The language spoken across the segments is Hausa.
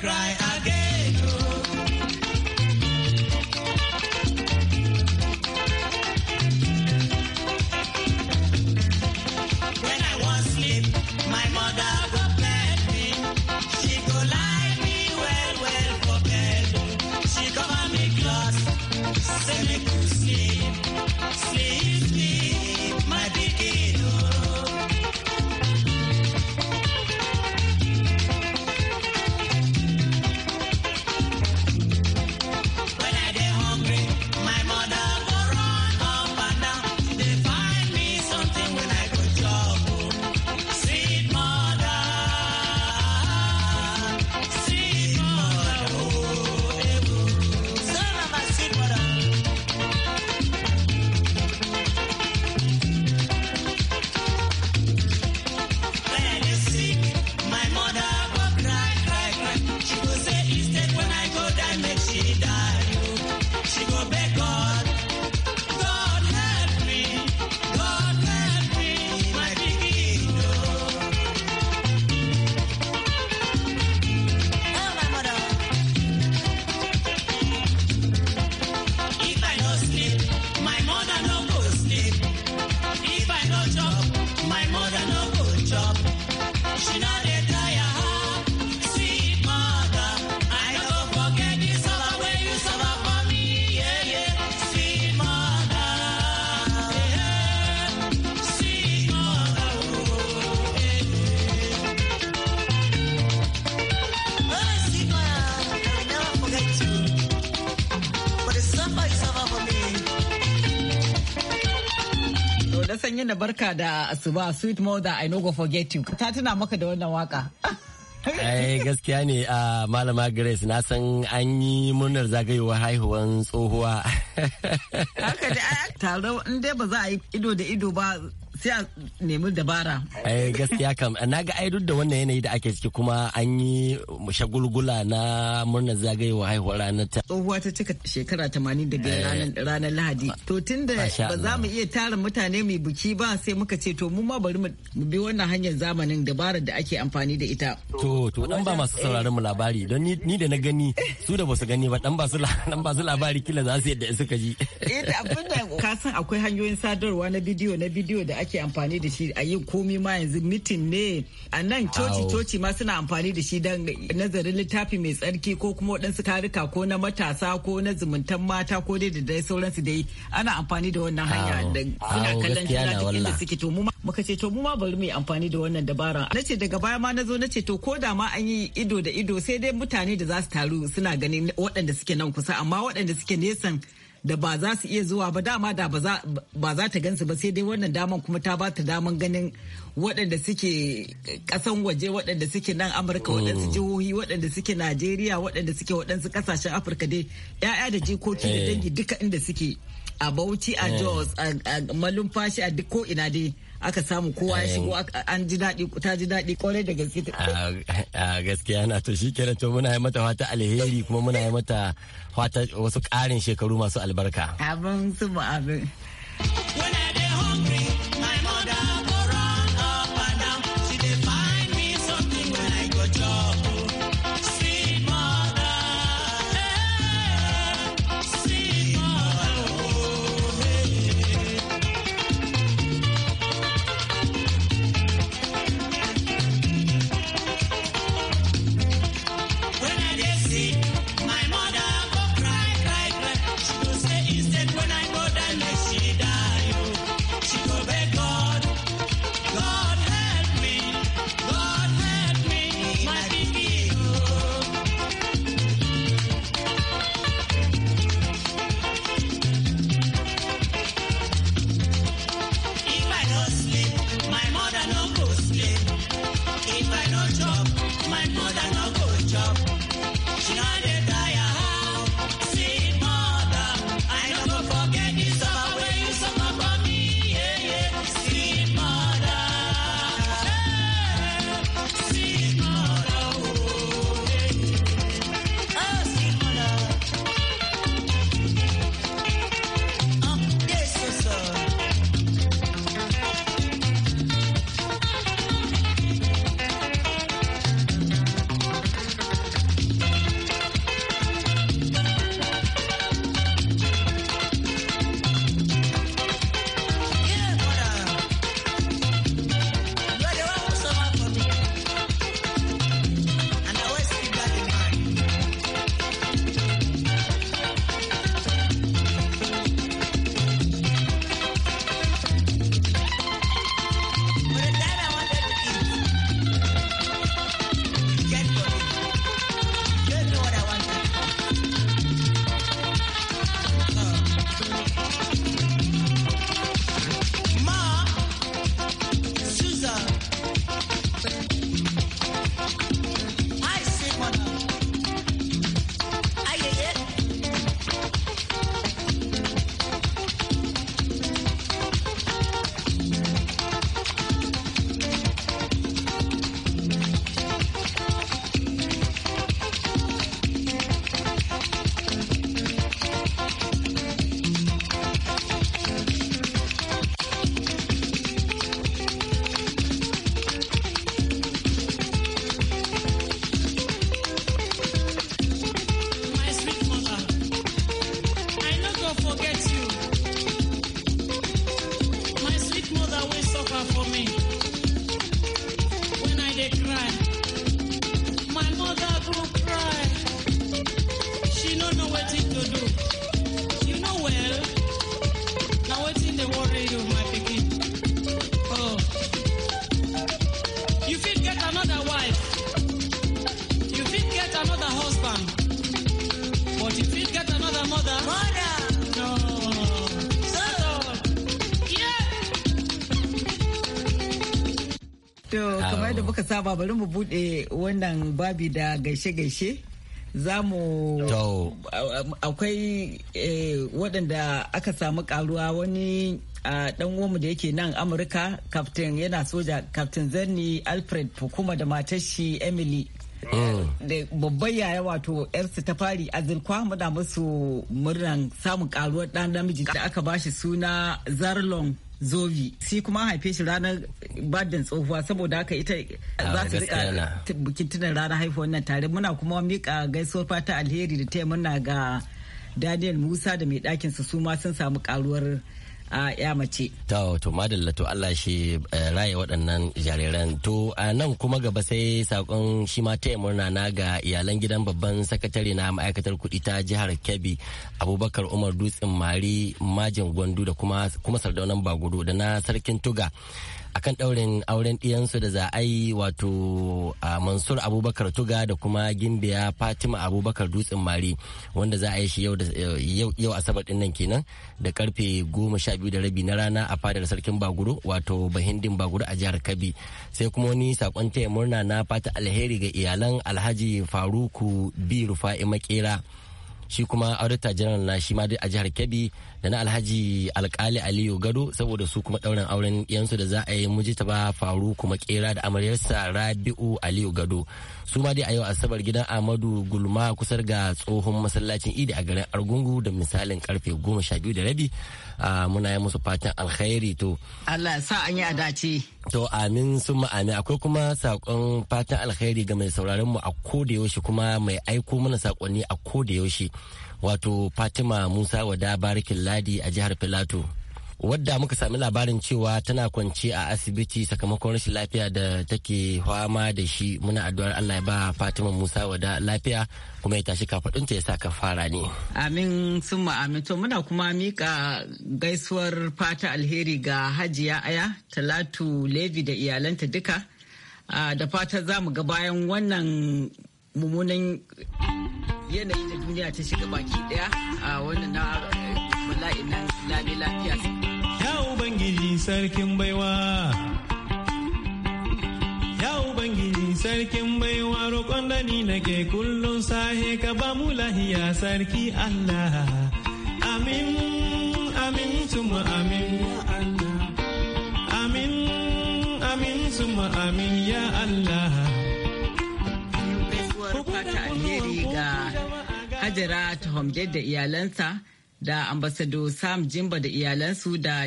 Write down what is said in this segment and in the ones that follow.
cry sanyi na barka da asuba sweet mother I no go forget you. Ta tana maka da wannan waka. Ai eh, gaskiya ne a malama Grace na san an yi murnar zagayowar haihuwan tsohuwa. Haka da taro in dai ba za a yi ido da ido ba sai a nemi dabara. Eh gaskiya kam na ga ai duk da wannan yanayi da ake ciki kuma an yi shagulgula na murnar zagayewa haihuwar ranar ta. Tsohuwa ta cika shekara tamanin daga eh. ranar Lahadi. To da ba za mu iya tara mutane mai biki ba sai muka ce to mu ma bari mu bi wannan hanyar zamanin dabarar da ake amfani da ita. To to dan ba masu sauraron mu labari don ni da na gani su da basu gani ba dan ba su dan ba su labari kila za su yadda suka ji. Eh abinda ka san akwai hanyoyin sadarwa na bidiyo na bidiyo da ake ake amfani da shi a yin komi ma yanzu mitin ne a nan coci coci ma suna amfani da shi don nazarin littafi mai tsarki ko kuma waɗansu tarika ko na matasa ko na zumuntan mata ko dai da dai sauransu dai ana amfani da wannan hanya da suna kallon juna da inda suke to mu muka ce to mu ma bari mu yi amfani da wannan dabara na ce daga baya ma na zo na ce to ko da ma an yi ido da ido sai dai mutane da za su taru suna ganin waɗanda suke nan kusa amma waɗanda suke nesan da ba za su iya zuwa ba dama da ba za ta gansu ba sai dai wannan daman kuma ta ba ta daman ganin waɗanda suke ƙasan waje waɗanda suke nan amurka waɗansu mm. jihohi waɗanda suke najeriya waɗanda suke waɗansu ƙasashen afirka dai 'ya'ya da jikoki da eh. dangi duka inda suke a bauchi a eh. jos a malumfashi a duk ko ina dai aka samu kowa ya shigo eh. an ji daɗi ta ji daɗi kwarai da gaske a gaskiya na to shi kenan to muna yi mata fata alheri kuma muna yi mata fata wasu ƙarin shekaru masu albarka abin su abin saba bari mu bude wannan babi da gaishe-gaishe za mu akwai eh, waɗanda aka samu karuwa wani dan uwanmu da yake nan amurka captain yana soja captain zanni alfred kuma da matar shi emily mm. da babban yaya wato yarsu ta fari azurkwa muna musu murnan samun karuwar ɗan namiji da aka bashi suna zarlon zobi si kuma haife shi ranar badin tsohuwa saboda haka ita za su rika bikin tunan ranar haifuwar nan tare muna kuma mika gaisuwar fata alheri da yi muna ga daniel musa da mai ɗakin su suma sun samu karuwar a ya mace. To, madalla to Allah shi eh, raye waɗannan jariran. To, a nan kuma gaba sai sakon shi ma ta murna na ga iyalan gidan babban sakatare na ma'aikatar kuɗi ta jihar Kebbi, Abubakar Umar Dutsen Mari, Majin Gwandu da kuma kuma Sardaunan Bagudu da na Sarkin Tuga. akan ɗaurin auren ɗiyansu da za a yi wato a mansur abubakar tuga da kuma gimbiya fatima abubakar dutsen mari wanda za a yi shi yau asabar ɗin nan kenan da karfe goma sha biyu da rabi na rana a fadar sarkin baguro wato bahindin baguro a jihar kabi sai kuma wani sakon taya murna na fata alheri ga iyalan alhaji faruku bi rufa'i makera shi kuma auditor general na shi ma dai a jihar kebbi da na alhaji alkali aliyu gado saboda su kuma ɗaurin auren yansu da za a yi ba faru kuma kera da amaryarsa rabi'u aliyu gado su ma dai a yau asabar gidan amadu gulma kusar ga tsohon masallacin idi a garin argungu da misalin karfe goma sha biyu da rabi muna yi musu fatan alkhairi to allah sa an yi a dace to amin sun amin akwai kuma saƙon fatan alkhairi ga mai sauraron mu a koda yaushe kuma mai aiko mana saƙonni a koda yaushe wato fatima musa wada barikin ladi a jihar filato wadda muka sami labarin cewa tana kwance a asibiti sakamakon rashin lafiya da take fama da shi muna addu'ar Allah ya ba Fatima Musa wada lafiya kuma ya tashi kafadunta ya sa ka fara ne. Amin summa amin to muna kuma mika gaisuwar fata alheri ga Hajiya Aya Talatu Levi da iyalanta duka ah, da fata za mu ga bayan wannan mummunan yanayi da duniya ta shiga baki daya a wannan na bala'in nan lami lafiya ya ubangiji sarkin baiwa ya ubangiji sarkin baiwa roƙon da ni nake kullum sahe ka ba mu lahiya sarki allah amin amin tuma amin ya allah amin amin tuma amin ya allah fata alheri ga Badira Tahomde da iyalansa da ambasado Sam Jimba da iyalansu da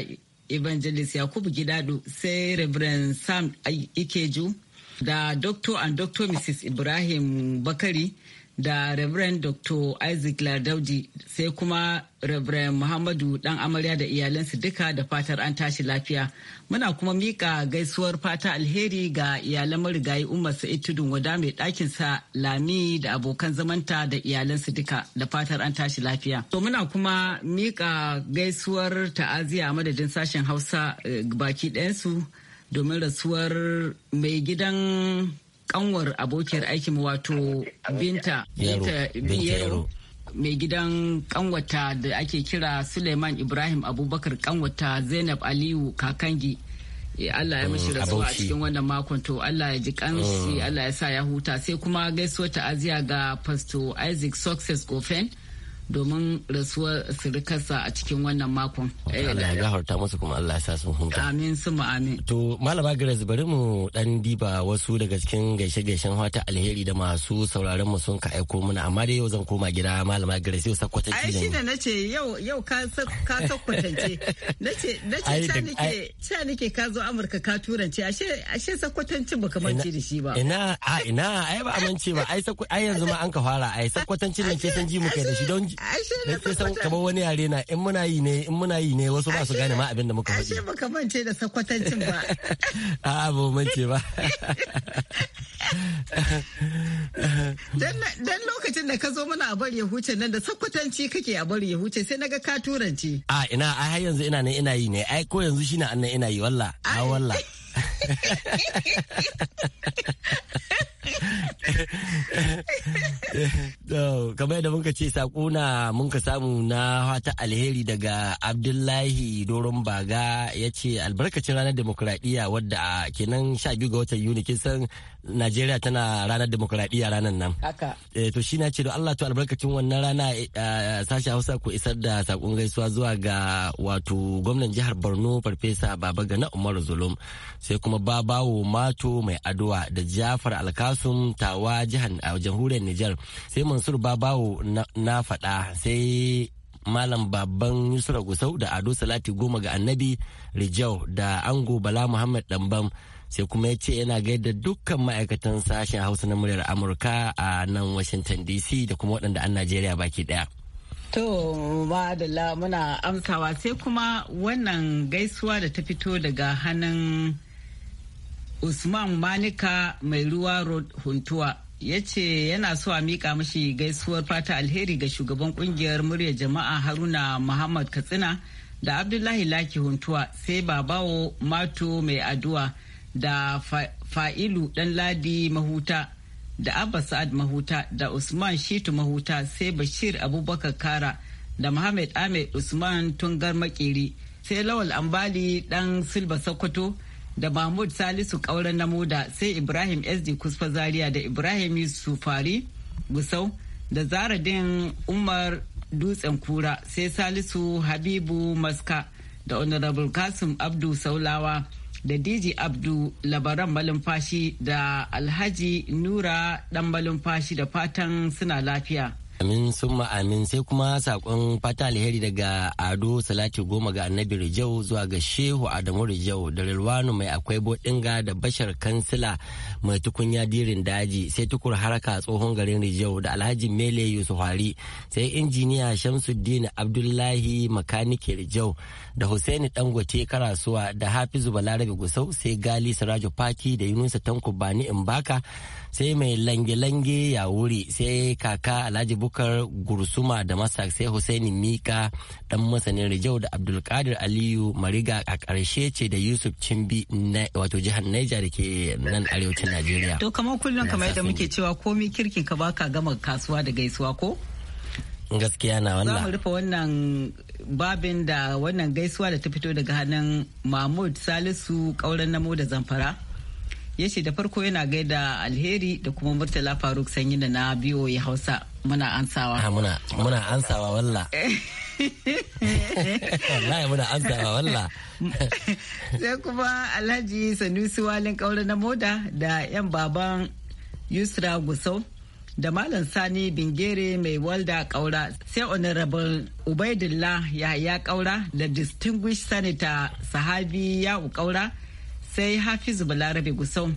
Evangelist Yakubu Gidado sai Reverend Sam Ikeju da Dr. and Dr. Mrs. Ibrahim Bakari da Reverend Dr. Isaac Lardaudi sai kuma Reverend Muhammadu dan amarya da iyalansu duka da fatar an tashi lafiya. Muna kuma mika gaisuwar fata alheri ga iyalan marigayi Umar Sa'id Tudun Wada mai ɗakin sa Lami da abokan zamanta da iyalansu duka da fatar an tashi lafiya. To muna kuma mika gaisuwar ta'aziya a madadin sashen Hausa eh, baki ɗayansu domin rasuwar mai gidan kanwar abokiyar aikin wato binta yaro mai gidan kanwata da ake kira suleiman ibrahim abubakar kanwata zainab aliyu kakangi eh, Allah ya mishi mm, rasuwa a cikin wannan makon to Allah ya ji kanshi mm. Allah ya sa ya huta sai kuma gaisuwar ta'aziya ga Pastor Isaac Success Gofen domin rasuwar sirikarsa a cikin wannan makon. Eh, Allah ya gafarta musu kuma Allah ya sa sun huta. Amin su mu amin. To malama Grace bari mu dan diba wasu daga cikin gaishe-gaishen wata alheri da masu sauraron mu sun ka aiko mana amma dai yau zan koma gida malama Grace yau sakkwatance ne. Ai shi da nace yau yau ka ka sakwatance. Nace nace ta nake ta nake ka zo Amurka ka turance ashe ashe sakkwatancin baka mance da shi ba. Ina a ina ai ba amince ba ai yanzu ma an ka fara ai sakwatancin nan ke san ji mu da shi don ashe na kamar wani yare na in muna yi ne in muna yi ne wasu ba su gane ma abin da muka faɗi ashe baka mance da sakwatancin ba a'a ba mance ba dan lokacin da ka zo mana a bar yahuce nan da sakwatanci kake a bar yahuce sai naga ka turanci a ina a har yanzu ina ne ina yi ne ai ko yanzu shine annan ina yi walla a walla kamar yadda muka ce saƙo muka samu na wata alheri daga abdullahi doron baga ya ce albarkacin ranar demokuraɗiyya wadda a kenan sha biyu ga watan yuni kin san najeriya tana ranar demokuraɗiyya ranar nan eh, to shi na ce don allah to albarkacin wannan rana eh, sashi hausa ku isar da saƙon gaisuwa zuwa ga wato gwamnan jihar borno farfesa baba gana umar zulum sai kuma babawo mato mai aduwa da jafar alkasum tawa jihar a jamhuriyar niger sai mansur babawo na faɗa sai malam babban yusra gusau da ado salati goma ga annabi rijau da ango bala muhammad dambam sai kuma ya ce yana gaida dukkan ma'aikatan sashen hausa na muryar amurka a nan washington dc da kuma waɗanda an najeriya baki daya. To madalla muna amsawa sai kuma wannan gaisuwa da ta fito daga hannun usman manika mai ruwa road huntuwa ya ce yana so a mika mashi gaisuwar fata alheri ga shugaban kungiyar murya jama'a haruna muhammad katsina da abdullahi laki huntuwa sai babawo mato mai addu'a da fa'ilu dan ladi mahuta da abba sa'ad mahuta da usman shitu mahuta sai bashir abubakar kara da muhammad ahmed usman tungar Makiri sai lawal ambali dan silba sokoto da mahmud salisu kauran na moda sai ibrahim sd kusfa zaria da ibrahim yusufari gusau da zara din umar dutsen kura sai salisu habibu maska da honorable kasim abdu saulawa da dj abdu labaran malumfashi da alhaji nura dan malumfashi da fatan suna lafiya Amin sun amin sai kuma sakon fata alheri daga Ado Salati Goma ga Annabi Rijau zuwa ga Shehu Adamu Rijau da Rilwanu mai akwai bodinga da Bashar Kansila mai tukunya dirin daji sai tukur haraka tsohon garin Rijau da Alhaji Mele Yusuf Hari sai injiniya Shamsuddin Abdullahi makanike Rijau da Hussaini Dangote Karasuwa da Hafizu Balarabe Gusau sai Gali sarajo Fati da Yunusa Tanko Bani Mbaka sai mai lange-lange ya wuri sai kaka Alhaji daukar gursuma da masak sai Husaini Mika dan masanin Rijau da Abdulkadir Aliyu Mariga a karshe ce da Yusuf Cimbi wato jihar Niger da ke nan arewacin Najeriya. To kamar kullum kamar yadda muke cewa komi kirkin ka baka gama kasuwa da gaisuwa ko? gaskiya na wannan za mu rufe wannan babin da wannan gaisuwa da ta fito daga hannun mahmud salisu ƙauren namo da zamfara ya ce da farko yana gaida alheri da kuma murtala faruk sanyi da na biyo ya hausa muna ansawa ah, muna ansawa walla wallahi muna ansawa walla sai kuma alhaji sanusi walin kaura na moda da yan baban yusra gusau da Malam Sani Bingere mai walda kaura sai Honorable Ubaidullah ya kaura da Distinguished Senator Sahabi ya kaura sai hafizu balarabe gusau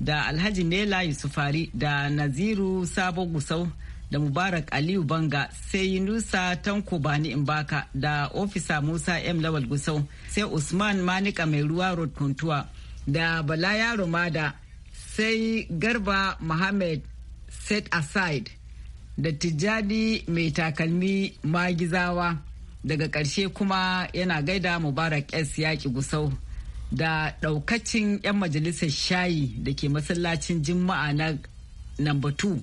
da alhaji nela yusufari da naziru sabo gusau da mubarak aliyu banga sai yunusa tanko bani imbaka da ofisa musa m lawal gusau sai usman manika mai ruwa road kuntuwa da bala yaro mada sai garba muhammad set aside da tijjani mai takalmi magizawa daga ƙarshe kuma yana gaida mubarak s yaƙi gusau da daukacin 'yan majalisar shayi da ke masallacin juma'a na namba 2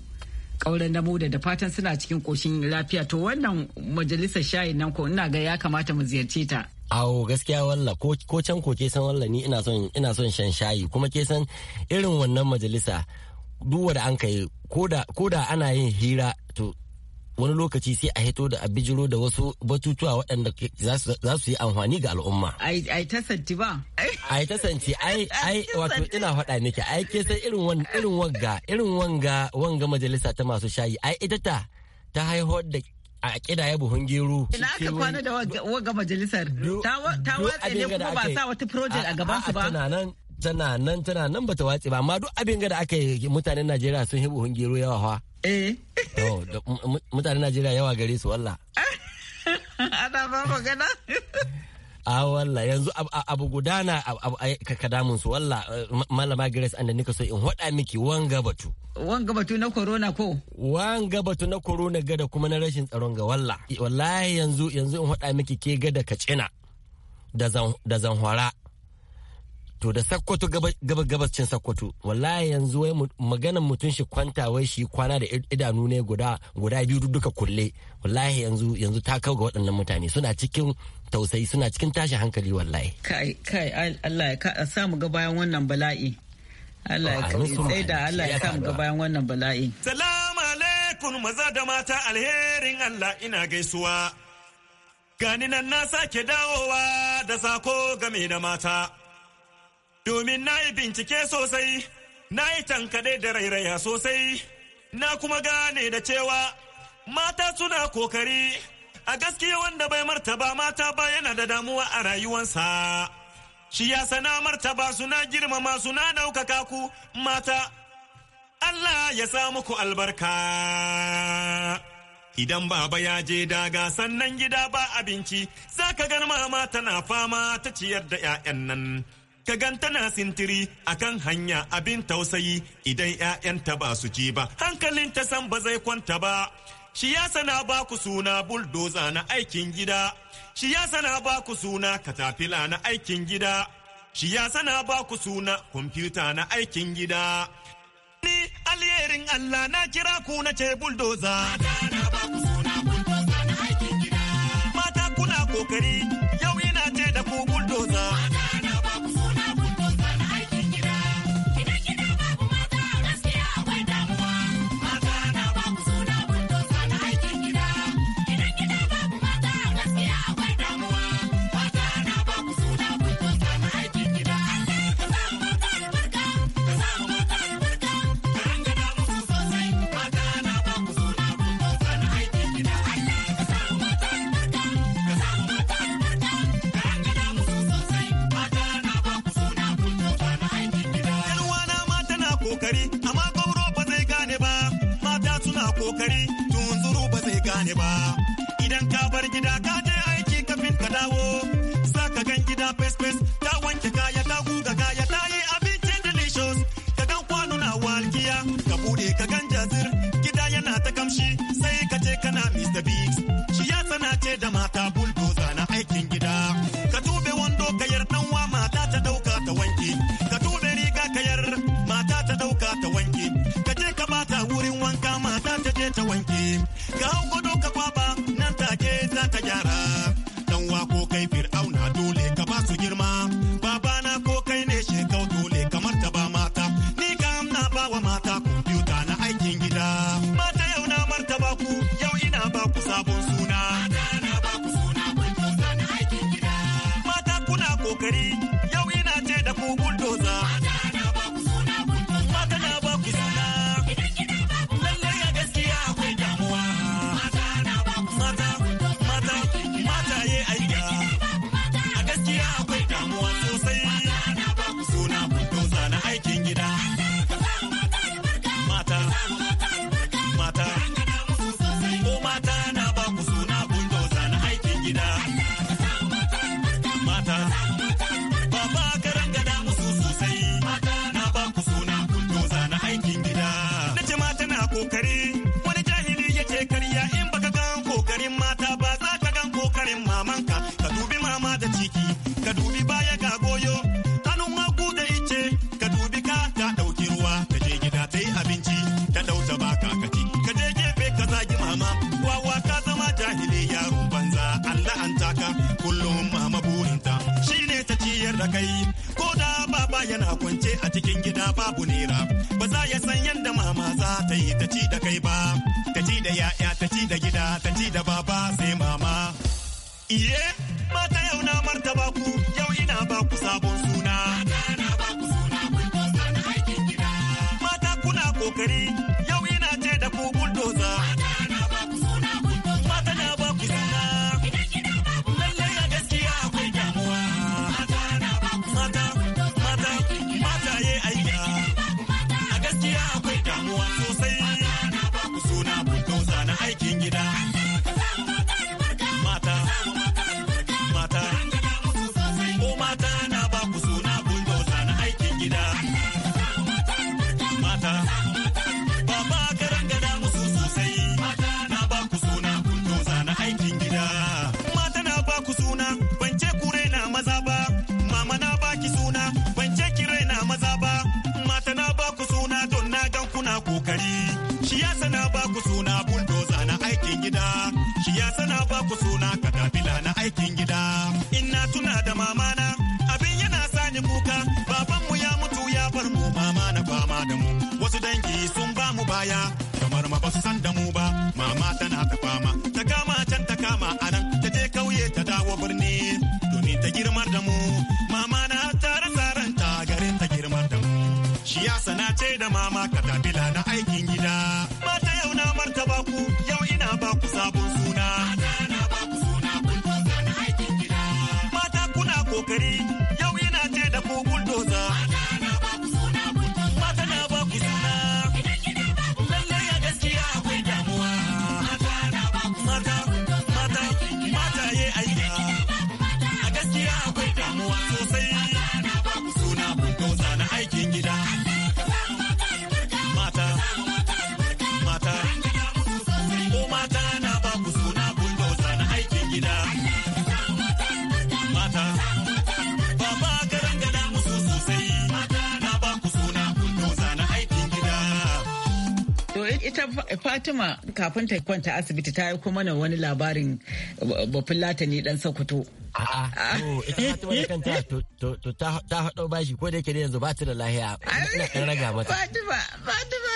ƙauren na da da fatan suna cikin koshin lafiya to wannan majalisar shayi nan ko ina ga ya kamata mu ziyarce ta awo gaskiya walla ko can ko ke san walla ni ina son shan shayi kuma ke san irin wannan majalisa duk wanda an kai ko da ana yin hira to wani lokaci sai a hito da a bijiro da wasu batutuwa waɗanda za su yi amfani ga al'umma. Ai ta santi ba. Ai ta santi ai ai wato ina faɗa niki? ai ke sai irin irin wanga irin wanga wanga majalisa ta masu shayi ai ita ta ta haihuwar da a kida ya buhun gero. Ina aka kwana da wanga majalisar ta watsa ne kuma ba sa wata project a gaban su ba. tana nan tana nan bata watse ba amma duk abin da aka yi mutanen Najeriya sun hibu hungiro yawa hawa. eh mutanen Najeriya yawa gare su wallah ana ba magana ah, a walla yanzu abu gudana ka damun su walla eh, malama grace and nika so in hoda miki wanga batu wanga batu na corona ko wanga batu na corona gada kuma na rashin tsaron ga walla wallahi yanzu yanzu in hoda miki ke gada ka cina da zan zanhwara to da sakkwato gabacin sakkwato wallahi yanzu wai maganan mutum shi kwanta wai shi kwana da idanu ne guda guda biyu duka kulle wallahi yanzu yanzu ta kau ga waɗannan mutane suna cikin tausayi suna cikin tashi hankali wallahi kai kai Allah ya sa mu ga bayan wannan bala'i Allah ya kai da Allah ya sa mu ga bayan wannan bala'i salamu alaikum maza da mata alherin Allah ina gaisuwa gani nan na sake dawowa da sako game da mata domin na yi bincike sosai, na yi tankaɗe da rairaya sosai, na kuma gane da cewa mata suna kokari a gaskiya wanda bai martaba mata ba yana da damuwa a rayuwansa. Shi ya sana martaba suna girmama suna ɗaukaka ku mata. Allah ya sa muku albarka. Idan baba ya je daga sannan gida ba abinci, za ka gan mama tana fama ta ciyar da 'ya'yan nan. ka gan tana sintiri a kan hanya abin tausayi idan 'ya'yanta ba su ji ba hankalin ta san ba zai kwanta ba shi ya sana ba ku suna buldoza na aikin gida shi ya sana ba ku suna katafila na aikin gida shi ya sana ba ku suna kwamfuta na aikin gida ni alherin allah na kira ku na ce buldoza mata kuna kokari yau yana ce da ku kokari kana kwance a cikin gida babu nera ba za ya san yadda mama za ta yi ta ci da kai ba ta ci da yaya ta ci da gida ta ci da baba sai mama iye mata yau na martaba ku ita Fatima kafin ta kwanta asibiti ta yi aiko mana wani labarin bafin latani dan Sokoto. A'a, ita Fatima da kanta to ta haɗo bashi ko da yake yanzu ba ta da lahiya. Ina ɗan raga mata. Fatima, Fatima,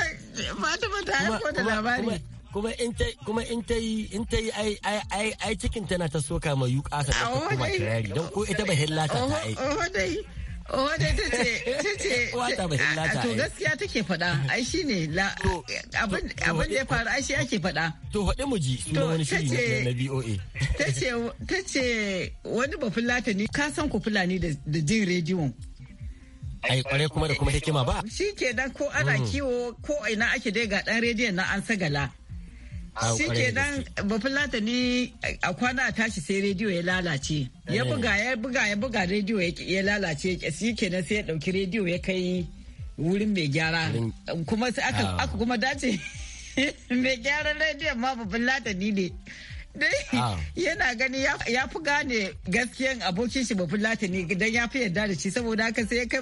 Fatima ta aiko da labari. kuma in ta kuma in ta yi in ta yi ai ai ai ai cikin tana ta soka ma yuka sa ta kuma kirari don ko ita ba hillata ta ai. Oh, Wadda ta ce, ta ce, to gaskiya take faɗa, ai shi ne, abin da ya faru ai shi ake faɗa. To faɗi mu ji, suna wani shiri na BOA. Ta ce, ta ce wani ba Fulatani, ka san ku Fulani da jin rediyon. Ai kwarai kuma da kuma hikima ba. Shi ke dan ko ana mm. kiwo ko ina ake dai ga ɗan rediyon na an sagala. Ah, shi nan bafulata ni a kwana tashi sai rediyo ya lalace. Ya eh. buga ya buga ya buga rediyo ya lalace shi nan sai ya dauki rediyo ya kai wurin mai gyara. Kuma sai aka ah. kuma dace mai gyaran rediyo ma bafulata ni ne. Ah. yana gani ya fi gane gaskiyan abokin shi bafin latani don ya fi yarda da shi saboda haka sai ya kai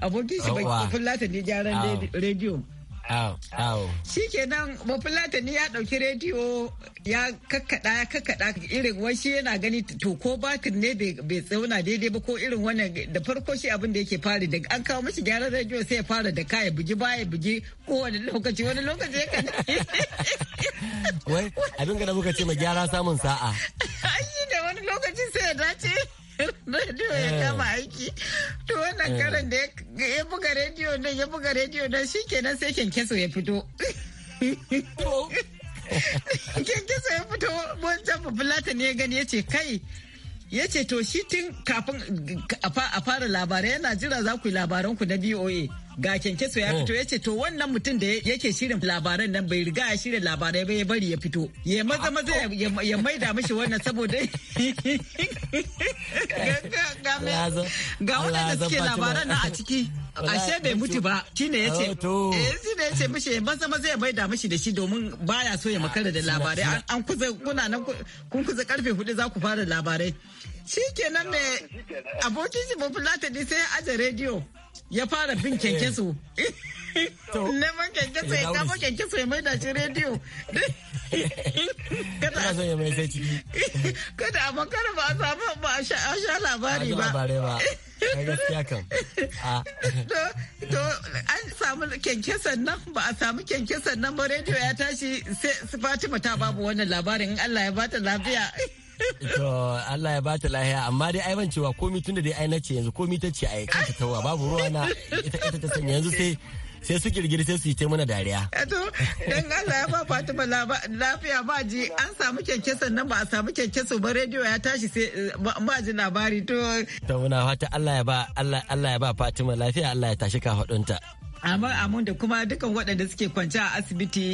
abokin shi bafin latani gyaran rediyo Shi kenan bafulata ni ya ɗauki rediyo ya kakada ya kakada. irin wai yana gani to ko batin ne bai tsauna daidai ba ko irin wannan da farko shi abin da yake fara da an kawo mashi gyaran rediyo sai ya fara da kaya bugi baya bugi wani lokaci wani lokaci ya kan wai abin da muka ce ma gyara samun sa'a. ayi ne wani lokacin sai ya dace. rediyo ya eh. kama aiki to wannan eh. karan da ya buga rediyo nan ya buga rediyo nan kenan sai kyankyaso ya fito kyankyaso ya fito wancan bubulata ne ya gani ya ce kai ya ce to shi tun kafin a fara labarai yana jira za ku yi labaranku na BOA ga kyankyaso ya oh. fito ya ce to wannan mutum da yake shirin labaran nan bai riga ya shirin labarai ba ya bari ya fito ya maza maza ya maida mishi wannan saboda ga da suke labaran na a ciki ashe bai mutu ba ne ya ce eh, ne ya ce mishi maza maza ya maida mishi da shi domin baya so ya makara da ah, labarai an kuna nan kun karfe hudu za ku fara labarai shi kenan ne abokin shi ba fulata sai ya aje rediyo ya fara bin kyankyaso eh. neman kyankyaso ya kama kyankyaso ya da shi rediyo kada son ya mai sai ciki kada a makara ba a samu ba a sha labari ba to an samu kyankyasan ba a samu kyankyasan nan ba rediyo ya tashi sai fatima ta babu wannan labarin allah ya bata lafiya to Allah ya bata lahiya amma dai ai ban cewa komi tunda dai ai nace yanzu komi ta ce ai kanta tawa babu ruwa na ita ita ta sanya yanzu sai sai su girgiri sai su yi ta mana dariya. to dan Allah ya ba Fatima lafiya ba ji an samu keke sannan ba a samu keke su ba rediyo ya tashi sai ba ji labari to. to muna fata Allah ya ba Allah ya ba Fatima lafiya Allah ya tashi ka faɗunta. amma amun da kuma dukan waɗanda suke kwance a asibiti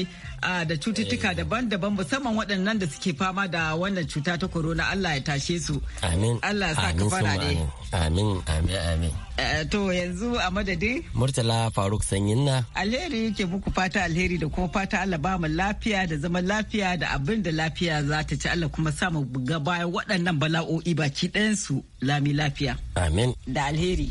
da cututtuka eh. daban-daban musamman waɗannan da suke fama da wannan cuta ta corona Allah ya tashe su. Amin. Allah sa ka fara ne. Amin, amin, amin. Eh, eh, to yanzu a madadin? Murtala Faruk Sanyin na. Alheri yake muku fata alheri da kuma fata Allah ba mu lafiya da zaman lafiya da abin da lafiya za ta ci Allah kuma sa mu ga bayan waɗannan bala'o'i baki ɗayansu lami lafiya. Amin. Da alheri.